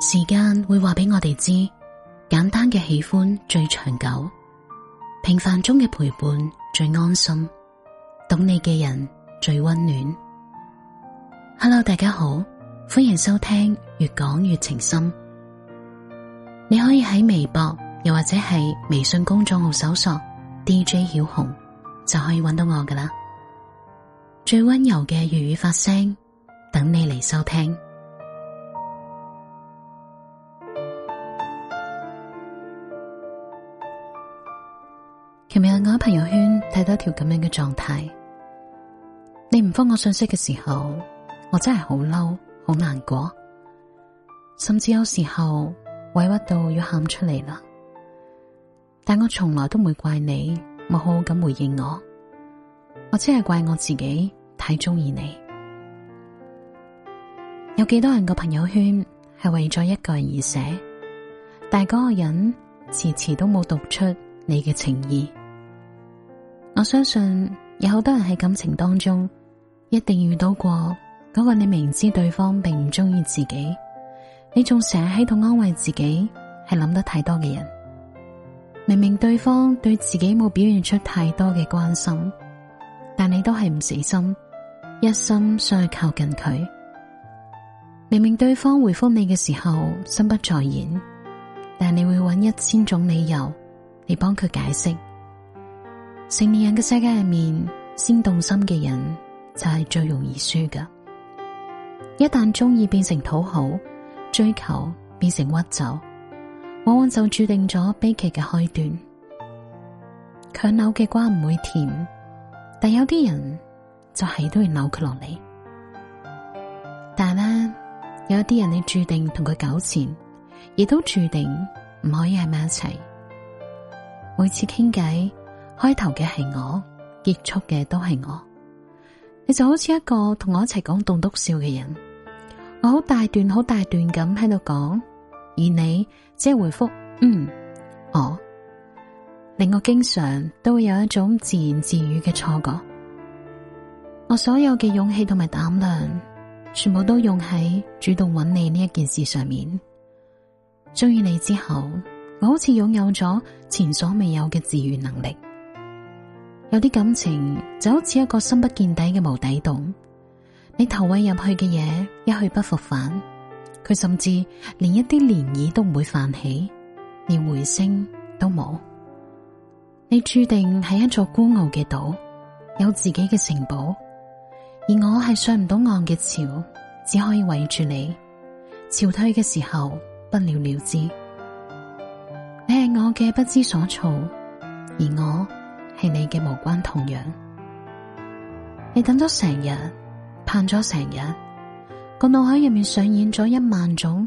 時間會話俾我哋知，簡單嘅喜歡最長久，平凡中嘅陪伴最安心，懂你嘅人最溫暖。Hello，大家好，歡迎收聽越講越情深。你可以喺微博又或者係微信公眾號搜索 DJ 曉紅，就可以揾到我噶啦。最溫柔嘅粵語發聲，等你嚟收聽。琴日我喺朋友圈睇到一條咁樣嘅狀態，你唔複我信息嘅時候，我真係好嬲，好難過，甚至有時候委屈到要喊出嚟啦。但我從來都唔會怪你，冇好好咁回應我，我只係怪我自己太中意你。有幾多人嘅朋友圈係為咗一個人而寫，但係嗰個人遲遲都冇讀出你嘅情意。我相信有好多人喺感情當中一定遇到過嗰個你明知對方並唔中意自己，你仲成日喺度安慰自己係諗得太多嘅人。明明對方對自己冇表現出太多嘅關心，但你都係唔死心，一心想去靠近佢。明明對方回覆你嘅時候心不在焉，但你會揾一千種理由嚟幫佢解釋。成年人嘅世界入面，先動心嘅人就係最容易輸噶。一旦中意變成討好，追求變成屈就，往往就注定咗悲劇嘅開端。強扭嘅瓜唔會甜，但有啲人就係都要扭佢落嚟。但係呢，有啲人你注定同佢糾纏，亦都注定唔可以喺埋一齊。每次傾偈。開頭嘅係我，結束嘅都係我。你就好似一個同我一齊講棟篤笑嘅人，我好大段好大段咁喺度講，而你只係回覆嗯，我令我經常都會有一種自言自語嘅錯覺。我所有嘅勇氣同埋膽量，全部都用喺主動揾你呢一件事上面。中意你之後，我好似擁有咗前所未有嘅自愈能力。有啲感情就好似一個深不見底嘅無底洞，你投餵入去嘅嘢，一去不復返，佢甚至連一啲漣漪都唔會泛起，連回聲都冇。你注定係一座孤傲嘅島，有自己嘅城堡，而我係上唔到岸嘅潮，只可以圍住你。潮退嘅時候，不了了之。你係我嘅不知所措，而我。係你嘅無關痛癢，你等咗成日，盼咗成日，個腦海入面上演咗一萬種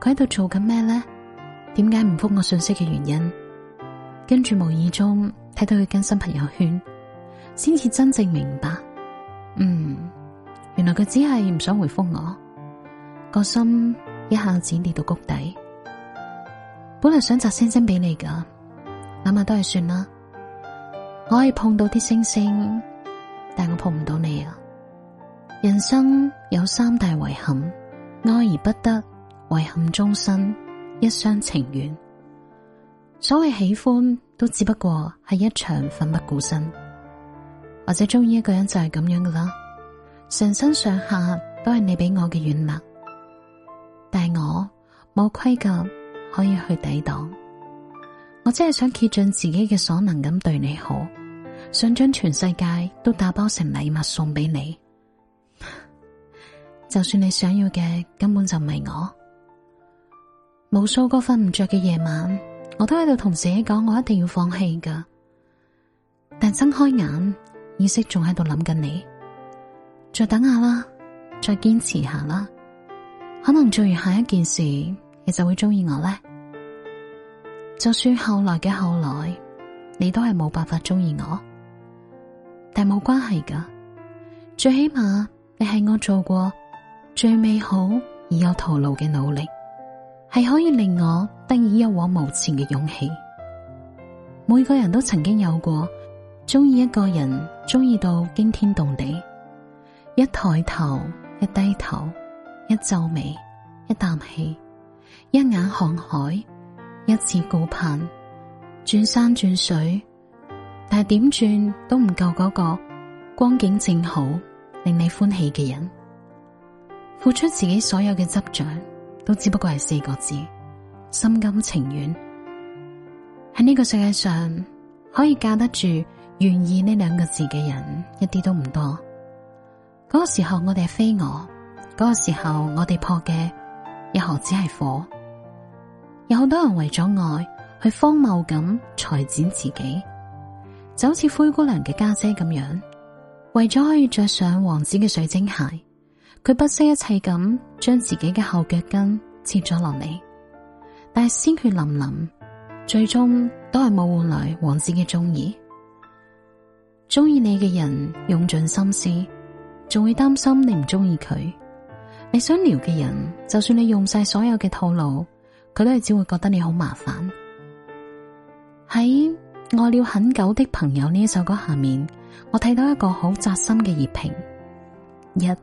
佢喺度做緊咩呢？點解唔復我信息嘅原因？跟住無意中睇到佢更新朋友圈，先至真正明白，嗯，原來佢只係唔想回覆我，個心一下子跌到谷底。本嚟想摘星星俾你噶，諗下都係算啦。我可以碰到啲星星，但我碰唔到你啊！人生有三大遺憾，愛而不得，遺憾終身，一廂情願。所謂喜歡都只不過係一場奮不顧身，或者中意一個人就係咁樣嘅啦。成身上下都係你畀我嘅軟肋，但係我冇盔甲可以去抵擋。我真係想竭盡自己嘅所能咁對你好。想將全世界都打包成禮物送畀你， 就算你想要嘅根本就唔係我，無數個瞓唔着嘅夜晚，我都喺度同自己講，我一定要放棄噶。但睜開眼，意識仲喺度諗緊你，再等下啦，再堅持下啦，可能做完下一件事，你就會鍾意我咧。就算後來嘅後來，你都係冇辦法鍾意我。係冇關係噶，最起碼你係我做過最美好而有徒勞嘅努力，係可以令我得以一往無前嘅勇氣。每個人都曾經有過中意一個人，中意到驚天動地，一抬頭，一低頭，一皺眉，一啖氣，一眼看海，一次顧盼，轉山轉水。但係點轉都唔夠嗰個光景正好令你歡喜嘅人，付出自己所有嘅執着，都只不過係四個字：心甘情願。喺呢個世界上，可以架得住願意呢兩個字嘅人，一啲都唔多。嗰、那個時候我哋係飛蛾，嗰、那個時候我哋撲嘅，一何止係火？有好多人為咗愛去荒謬咁裁剪自己。就好似灰姑娘嘅家姐咁樣，為咗可以着上王子嘅水晶鞋，佢不惜一切咁將自己嘅後腳跟切咗落嚟，但係鮮血淋淋，最終都係冇換來王子嘅中意。中意你嘅人用盡心思，仲會擔心你唔中意佢；你想撩嘅人，就算你用晒所有嘅套路，佢都係只會覺得你好麻煩。喺。愛了很久的朋友呢一首歌下面，我睇到一個好扎心嘅熱評：一，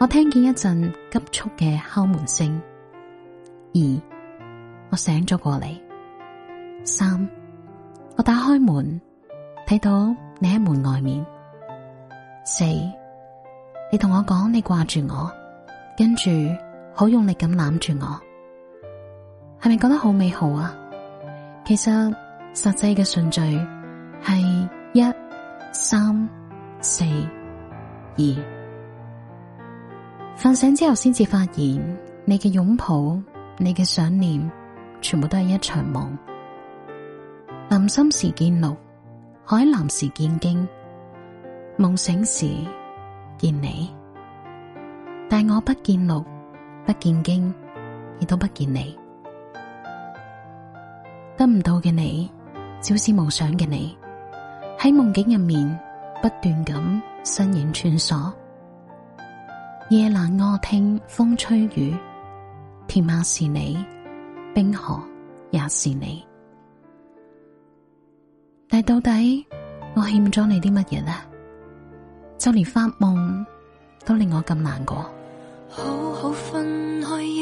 我聽見一陣急促嘅敲門聲；二，我醒咗過嚟；三，我打開門，睇到你喺門外面；四，你同我講你掛住我，跟住好用力咁攬住我，係咪覺得好美好啊？其實。實際嘅順序係一三四二。瞓醒之後先至發現你嘅擁抱、你嘅想念，全部都係一場夢。臨深時見鹿，海藍時見鯨，夢醒時見你，但我不見鹿，不見鯨，亦都不見你，得唔到嘅你。朝思暮想嘅你，喺夢境入面不斷咁身影穿梭，夜闌卧聽風吹雨，天涯是你，冰河也是你，但到底我欠咗你啲乜嘢呢？就連發夢都令我咁難過。好好分開。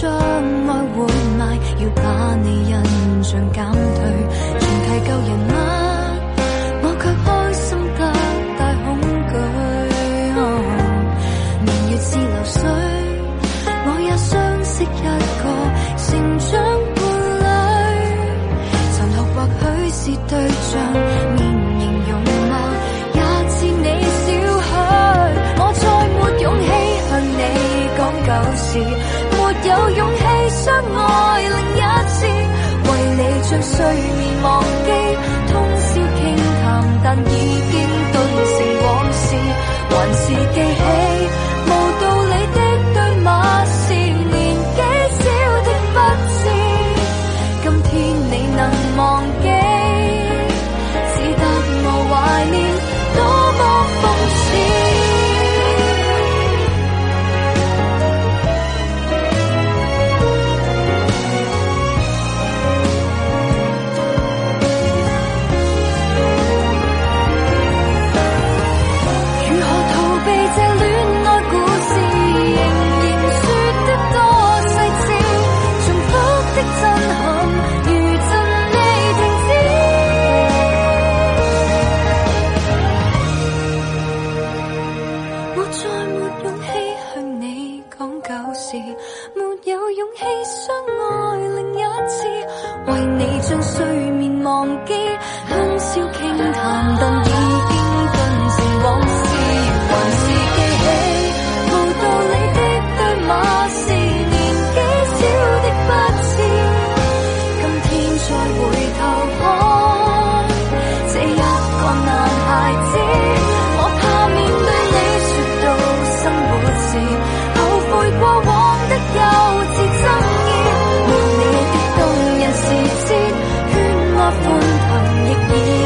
將愛活埋，要把你印象減退，重提舊人物，我卻開心得帶恐懼。年月是流水，我也相識一個成長伴侶，陳學或許是對象，面形容貌也似你少許，我再沒勇氣向你講舊事。睡眠忘記通宵傾談，但已。